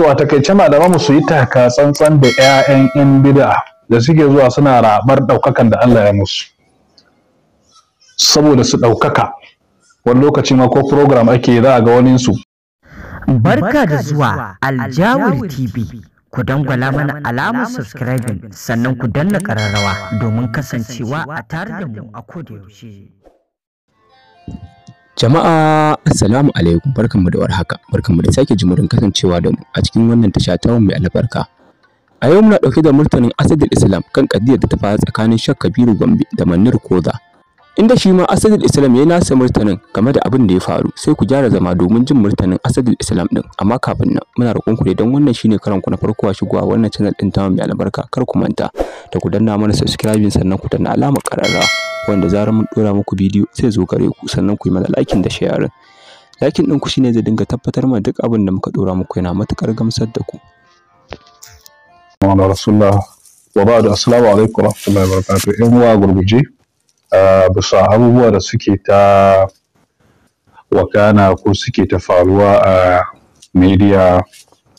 so a takaice mu su yi taka tsantsan da 'ya'yan 'yan bid'a da suke zuwa suna rabar ɗaukakan da Allah ya musu saboda su ɗaukaka wani lokaci ma ko program ake za a ga wani su barka da zuwa aljawar tv ku dangwala mana alamar subscribing sannan ku danna kararrawa domin kasancewa a tare da mu a koda yaushe Jama'a assalamu alaikum barkanmu da warhaka barkanmu da sake jimurin kasancewa da mu a cikin wannan tasha ta mai albarka. A yau muna ɗauke da murtanin Asadul Islam kan kaddiyar da ta faru tsakanin Shak Kabiru Gombe da Manir Koza. Inda shi ma Asadul Islam ya nasa murtanin game da abin da ya faru sai ku gyara zama domin jin murtanin Asadul Islam din amma kafin nan muna roƙon ku don wannan shine karanku na farko a shigowa wannan channel din ta mai albarka kar ku manta da ku danna mana subscribe sannan ku danna alamar ƙararrawa. wanda zarar mun ɗora muku bidiyo sai zo gare ku sannan ku yi mana likin da sharing likin ɗinku shine zai dinga tabbatar mana duk abin da muka dora muku yana matukar gamsar da ku Muhammad Rasulullah wa ba da assalamu alaikum rahmatullahi wa barakatuh ƴan gurguje bisa abubuwa da suke ta wakana ko suke ta faruwa a media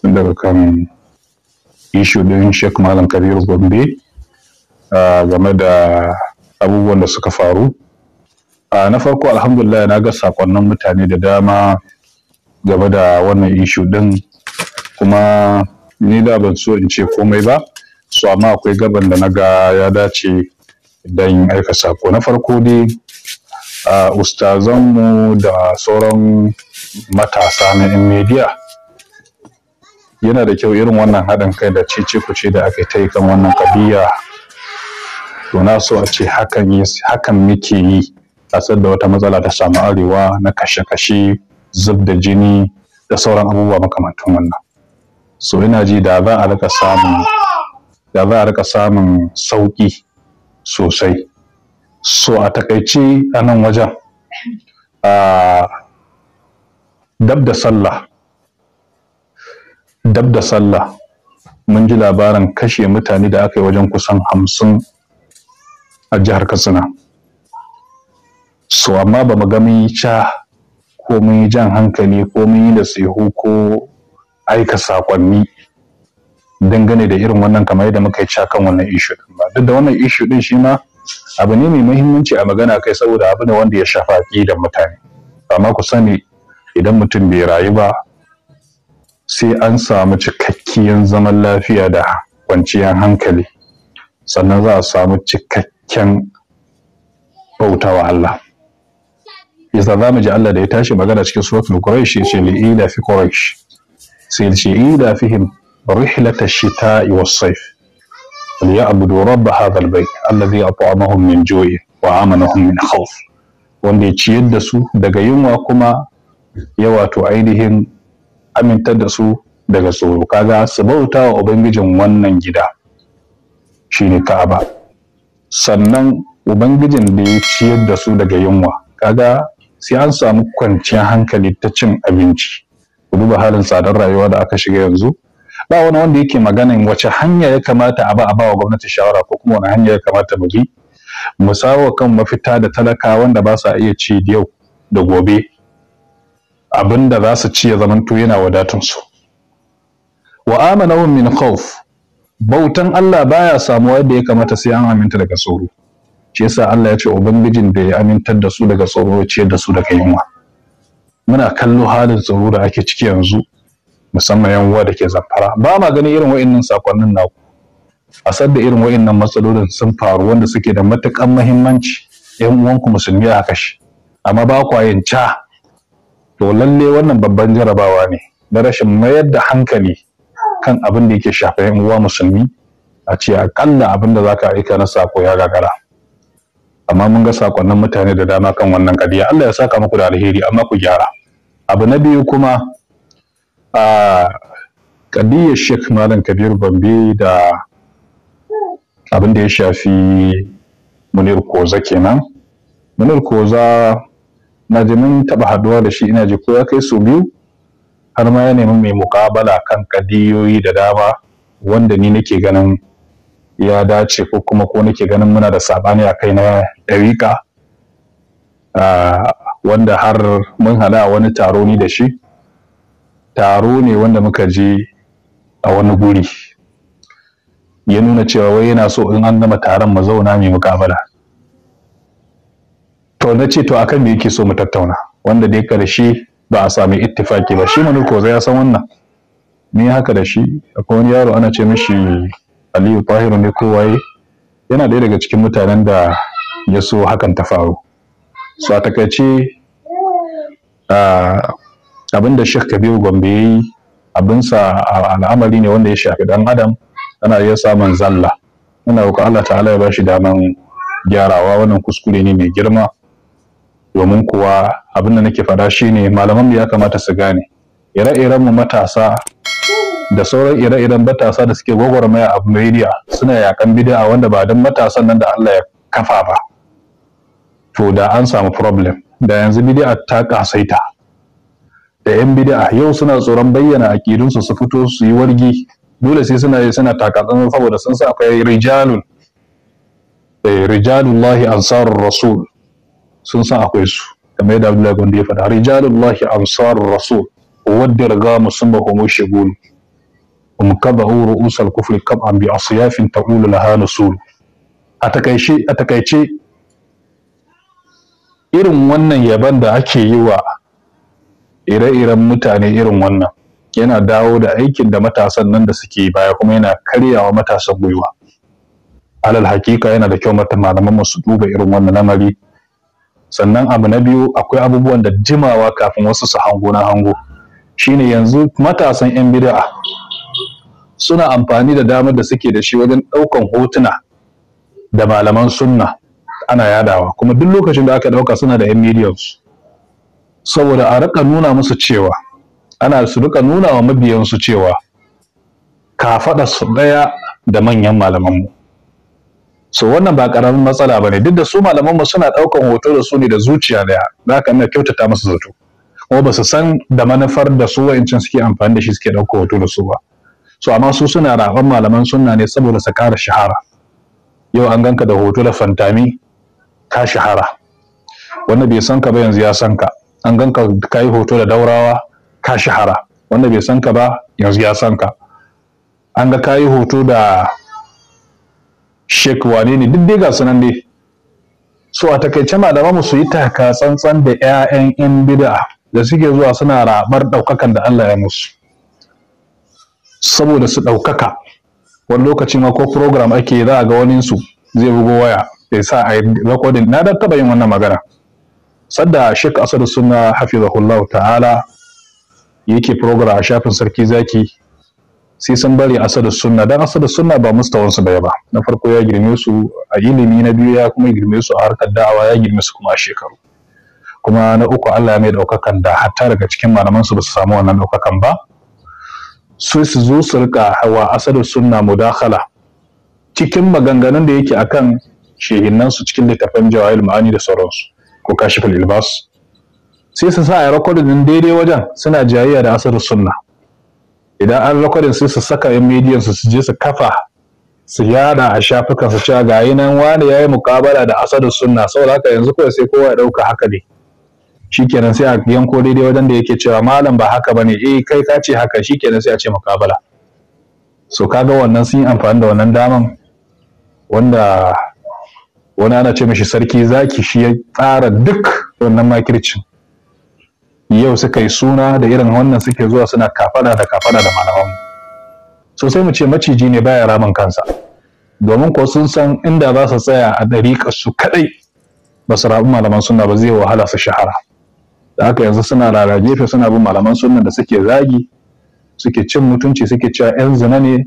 daga kan issue din Sheikh Malam Kabir Gombe game da abubuwan da suka faru a na farko alhamdulillah na ga sakonnin mutane da dama game da wannan ishu din kuma ni da ban so in ce komai ba su amma akwai gaban da na ga ya dace idan aika sako na farko dai a ustazanmu da sauran matasa na yan media yana da kyau irin wannan haɗin kai da ce-ce ku ce da aka yi ta kan wannan kabiya to na so a ce hakan hakan muke yi tasar da wata matsala ta samu arewa na kashe-kashe zub da jini da sauran abubuwa makamantun wannan so ina ji da za a rika samun da za a rika samun sauki sosai so a takaice a nan wajen dab da sallah dab da sallah mun ji labarin kashe mutane da aka yi wajen kusan hamsin a jihar katsina so amma ba mu ga mun yi ca ko mun yi jan hankali ko mun yi da sihu ko aika sakonni dangane da irin wannan kamar yadda muka yi ca kan wannan ishu din ba duk da wannan ishu din shi ma abu ne mai muhimmanci a magana kai saboda abu ne wanda ya shafa da mutane amma ku sani idan mutum bai rayu ba sai an samu cikakkiyar zaman lafiya da kwanciyar hankali sannan za a samu cikakken bautawa Allah yasa za mu ji Allah da ya tashi magana cikin suratul quraish ya ce li ila fi quraish sai ya ce ila fihim rihlata shita'i was sayf فليعبدوا رب هذا البيت الذي أطعمهم من جوع وآمنهم من wanda ya ciyar da su daga yunwa kuma ya wato ainihin amintar da su daga tsoro kaga su bauta wa ubangijin wannan gida shine Ka'aba sannan ubangijin da ya ciyar da su daga yunwa kaga sai an samu kwanciyar hankali ta cin abinci ku duba halin tsadar rayuwa da aka shiga yanzu ba wani wanda yake maganin wace hanya ya kamata a ba a bawa gwamnati shawara ko kuma wani hanya ya kamata mu bi mu sawo kan mafita da talaka wanda ba sa iya ci yau da gobe abin da za su ci ya zamanto yana wadatunsu wa amanahum min khawf bautan Allah baya samuwa yadda ya kamata sai an aminta daga tsoro shi yasa Allah ya ce ubangijin da ya amintar da su daga tsoro ya ciyar da su daga yunwa muna kallo halin tsoro da ake ciki yanzu musamman yan uwa da ke zamfara ba ma gani irin wa'annan sakonnin naku a sadda irin wa'annan matsalolin sun faru wanda suke da matukan muhimmanci yan uwanku musulmi a kashi amma ba kwa yin ca to lalle wannan babban jarabawa ne da rashin mayar da hankali kan abin da yake shafa yan uwa musulmi a ce akalla abin da za ka aika na sako ya gagara amma mun ga sakonnin mutane da dama kan wannan kadiya Allah ya saka muku da alheri amma ku gyara abu na biyu kuma a kadiyar Sheikh Malam Kabir Bambe da abin da ya shafi Munir Koza kenan Munir Koza na ji mun taɓa haduwa da shi ina ji ko ya kai su biyu har ma ya nemi mai mukabala kan kadiyoyi da dama wanda ni nake ganin ya dace ko kuma ko nake ganin muna da sabani a kai na ɗariƙa wanda har mun hada wani taro ni da shi taro ne wanda muka je a wani guri ya nuna cewa wai yana so in an gama taron mu zauna mai mukabala to na ce to akan me yake so mu tattauna wanda dai karshe ba a sami ittifaki ba shi manu ko ya san wannan ni haka da shi akwai wani yaro ana ce mishi aliyu tahiru ne kowaye yana ɗaya daga cikin mutanen da ya so hakan ta faru so a takaice abin da shek kabiru gombe ya yi abinsa al'amari ne wanda ya shafi dan adam ana iya samun zalla muna roƙon allah ta'ala ya bashi daman gyarawa wannan kuskure ne mai girma domin kuwa abin da nake faɗa shine malaman ya kamata su gane ire-iren mu matasa da sauran ire-iren matasa da suke gwagwarmaya a media suna yakan bid'a wanda ba don matasan nan da Allah ya kafa ba to da an samu problem da yanzu bid'a ta kasaita da yan bid'a yau suna tsoron bayyana aƙidunsu su fito su yi wargi dole sai suna yi suna takatsan saboda sun sa akwai rijalun eh, rijalullahi ansarur rasul sun san akwai su kamar yadda Abdullahi Gondo ya faɗa rijalullahi ansarur rasul wadda riga musamman shagul um kabahu ru'usal kufri kab'an bi asyafin ta'ulu laha nusul a takaice a takaice irin wannan yaban da ake yi wa ire-iren mutane irin wannan yana dawo da aikin da matasan nan da suke baya kuma yana karyawa matasan gwiwa alal hakika yana da kyau mata malaman su duba irin wannan lamari sannan abu na biyu akwai abubuwan da jimawa kafin wasu su hango na hango shine yanzu matasan 'yan bida'a suna amfani da damar da suke da shi wajen ɗaukan hotuna da malaman sunna ana yadawa kuma duk lokacin da aka ɗauka suna da 'yan midiyans saboda a rika nuna musu cewa ana su rika nuna wa mabiyansu cewa ka faɗa su ɗaya da manyan malamanmu so wannan ba karamin matsala bane duk da su malaman mu suna daukan hoto da su ne da zuciya daya zaka ina kyautata musu zato kuma ba su san da manufar da su wayancin suke amfani da shi suke dauka hoto da su ba so amma su suna raban malaman sunna ne saboda su kara shahara yau an ganka da hoto da fantami ka shahara wanda bai san ka ba yanzu ya san ka an ganka kai hoto da daurawa ka shahara wanda bai san ka ba yanzu ya san ka an ga kayi hoto da shek wane ne duk dai ga sunan dai so a takaice malama su yi taka tsantsan da 'ya'yan 'yan bid'a da suke zuwa suna rabar ɗaukakan da Allah ya musu saboda su ɗaukaka wani lokaci ma ko program ake za a ga wani su zai bugo waya ya sa a yi recording na da taba yin wannan magana sadda shek Asadu Sunna hafizahullahu ta'ala yake program a shafin sarki zaki sai sun bari asarar sunna dan asadu sunna ba wansu bai ba na farko ya girme su a ilimi na biyu ya kuma girme su a harkar da'awa ya girme su kuma a shekaru kuma na uku Allah ya mai daukakan da hatta daga cikin malaman su ba su samu wannan daukakan ba su su zo su rika hawa asadu sunna mudakhala cikin maganganun da yake akan shehinnan su cikin littafin jawahil ma'ani da sauransu ko kashifal ilbas sai su sa a rekodin daidai wajen suna jayayya da asarar sunna idan an rekodin sai su saka yan midiyan su su je su kafa su yada a shafukan su cewa ga yi nan wani ya yi mukabala da asadu sunna saboda haka yanzu kawai sai kowa ya ɗauka haka ne shikenan sai a yanko daidai wajen da yake cewa malam ba haka bane eh kai ka ce haka shikenan sai a ce mukabala so kaga wannan sun yi amfani da wannan daman wanda wani ana ce mishi sarki zaki shi ya tsara duk wannan makircin yau suka yi suna da irin wannan suke zuwa suna kafada da kafada da malaman so sai mu ce maciji ne baya ramin kansa domin ko sun san inda za su tsaya a dariƙar su kadai ba su rabu malaman sunna ba zai wahala su shahara da haka yanzu suna rara gefe suna bin malaman sunna da suke zagi suke cin mutunci suke cewa yan zina ne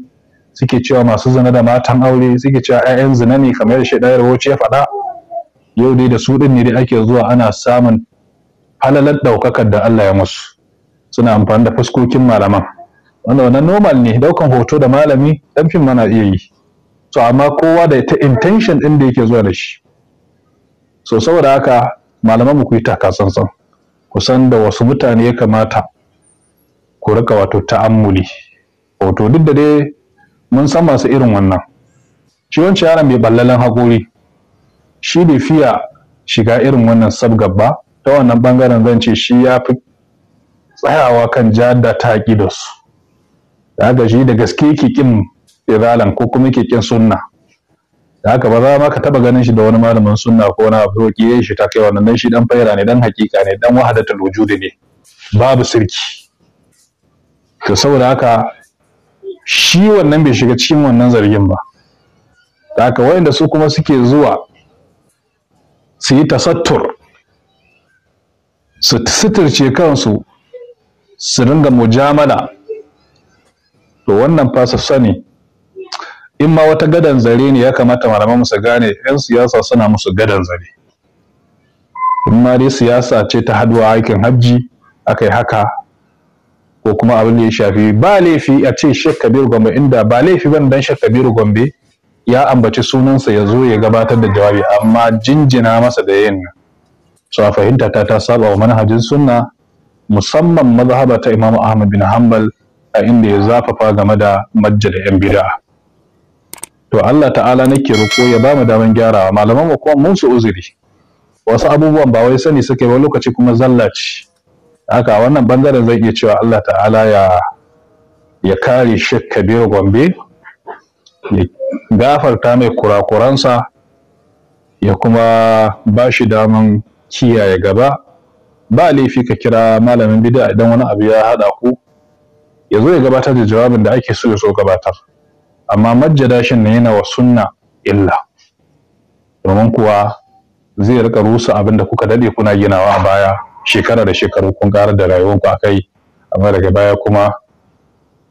suke cewa masu zina da matan aure suke cewa 'ya'yan zina ne kamar da shaidayar wuce ya faɗa yau dai da su din ne dai ake zuwa ana samun halalar ɗaukakar da Allah ya musu suna amfani da fuskokin malaman wanda wannan normal ne daukan hoto da malami dan fim mana iya yi so amma kowa da ta intention ɗin da yake zuwa da shi so saboda haka malaman mu ku yi taka sansan. ku san da wasu mutane ya kamata ku rika wato ta'ammuli Hoto duk da dai mun san masu irin wannan shi wancan yaron mai ballalan haƙori shi bai fiya shiga irin wannan sabgabba. ta wannan bangaren zan ce shi ya fi tsayawa kan jada ta aƙidarsu da haka shi da gaske yake ƙin izalan ko kuma yake ƙin sunna da haka ba za ma ka taba ganin shi da wani malamin sunna ko wani abu roƙi shi ta kai wannan dan shi dan faira ne dan hakika ne dan wahadatul wujudi ne babu sirki to saboda haka shi wannan bai shiga cikin wannan zargin ba da haka wayanda su kuma suke zuwa su yi tasattur su suturce kansu su ringa mujamala to wannan fa su sani in ma wata gadan zare ne ya kamata malaman su gane yan siyasa suna musu gadan zare in ma dai siyasa ce ta haduwa aikin hajji akai haka ko kuma abin da ya shafi ba laifi a ce Sheikh Kabiru Gombe inda ba laifi ban dan Sheikh Kabiru Gombe ya ambaci sunansa ya zo ya gabatar da jawabi amma jinjina masa da yin nan cewa fahimta ta ta saba wa manhajin sunna musamman mazhaba ta Imam Ahmad bin Hanbal a inda ya zafafa game da majja da yan bid'a to Allah ta'ala nake roƙo ya ba mu daman gyarawa malaman mu kuma mun su uzuri wasu abubuwan ba wai sani suke ba lokaci kuma zallaci haka wannan bangaren zai iya cewa Allah ta'ala ya ya kare shek Kabir Gombe ya gafarta mai kurakuransa ya kuma ba shi daman kiyaye gaba ba laifi ka kira malamin bid'a idan wani abu ya hada ku ya zo ya gabatar da jawabin da ake so ya zo gabatar amma majjada shin ne yana wa sunna illa domin kuwa zai rika rusa abin da kuka dade kuna ginawa a baya shekara da shekaru kun kara da rayuwar a kai amma daga baya kuma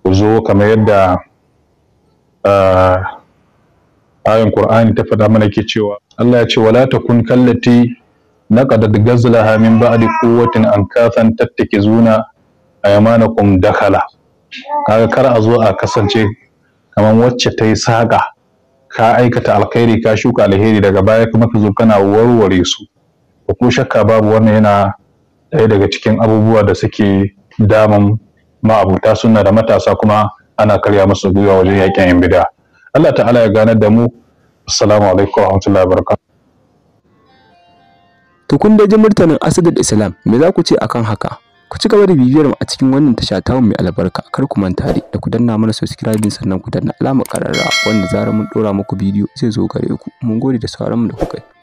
ku zo kamar yadda ah, ayan Qur'ani ta faɗa mana ke cewa Allah ya ce wala takun kallati لقد غزلها من بعد قوة أنكاثا تتكزون أيمانكم dakhala kaga kar a zo a kasance kamar wacce ta yi saƙa ka aikata alkhairi ka shuka alheri daga baya kuma ka zo kana warware su ko shakka babu wannan yana ɗaya daga cikin abubuwa da suke damun ma'abuta suna da matasa kuma ana karya musu gwiwa wajen yaƙin yan bida Allah ta'ala ya ganar da mu assalamu alaikum wa rahmatullahi wa barakatuh To kun da ji murtanin Asadul Islam me za ku ce akan haka? Ku ci gaba da bibiyar mu a cikin wannan tasha ta mai albarka. Kar ku manta da ku danna mana subscribe sannan ku danna alamar kararra wanda zarar mun dora muku bidiyo zai zo gare ku. Mun gode da sauraron mu da kuka